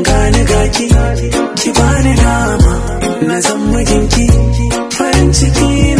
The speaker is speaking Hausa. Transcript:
gani gaki ki bani dama na zan mijinki farin ciki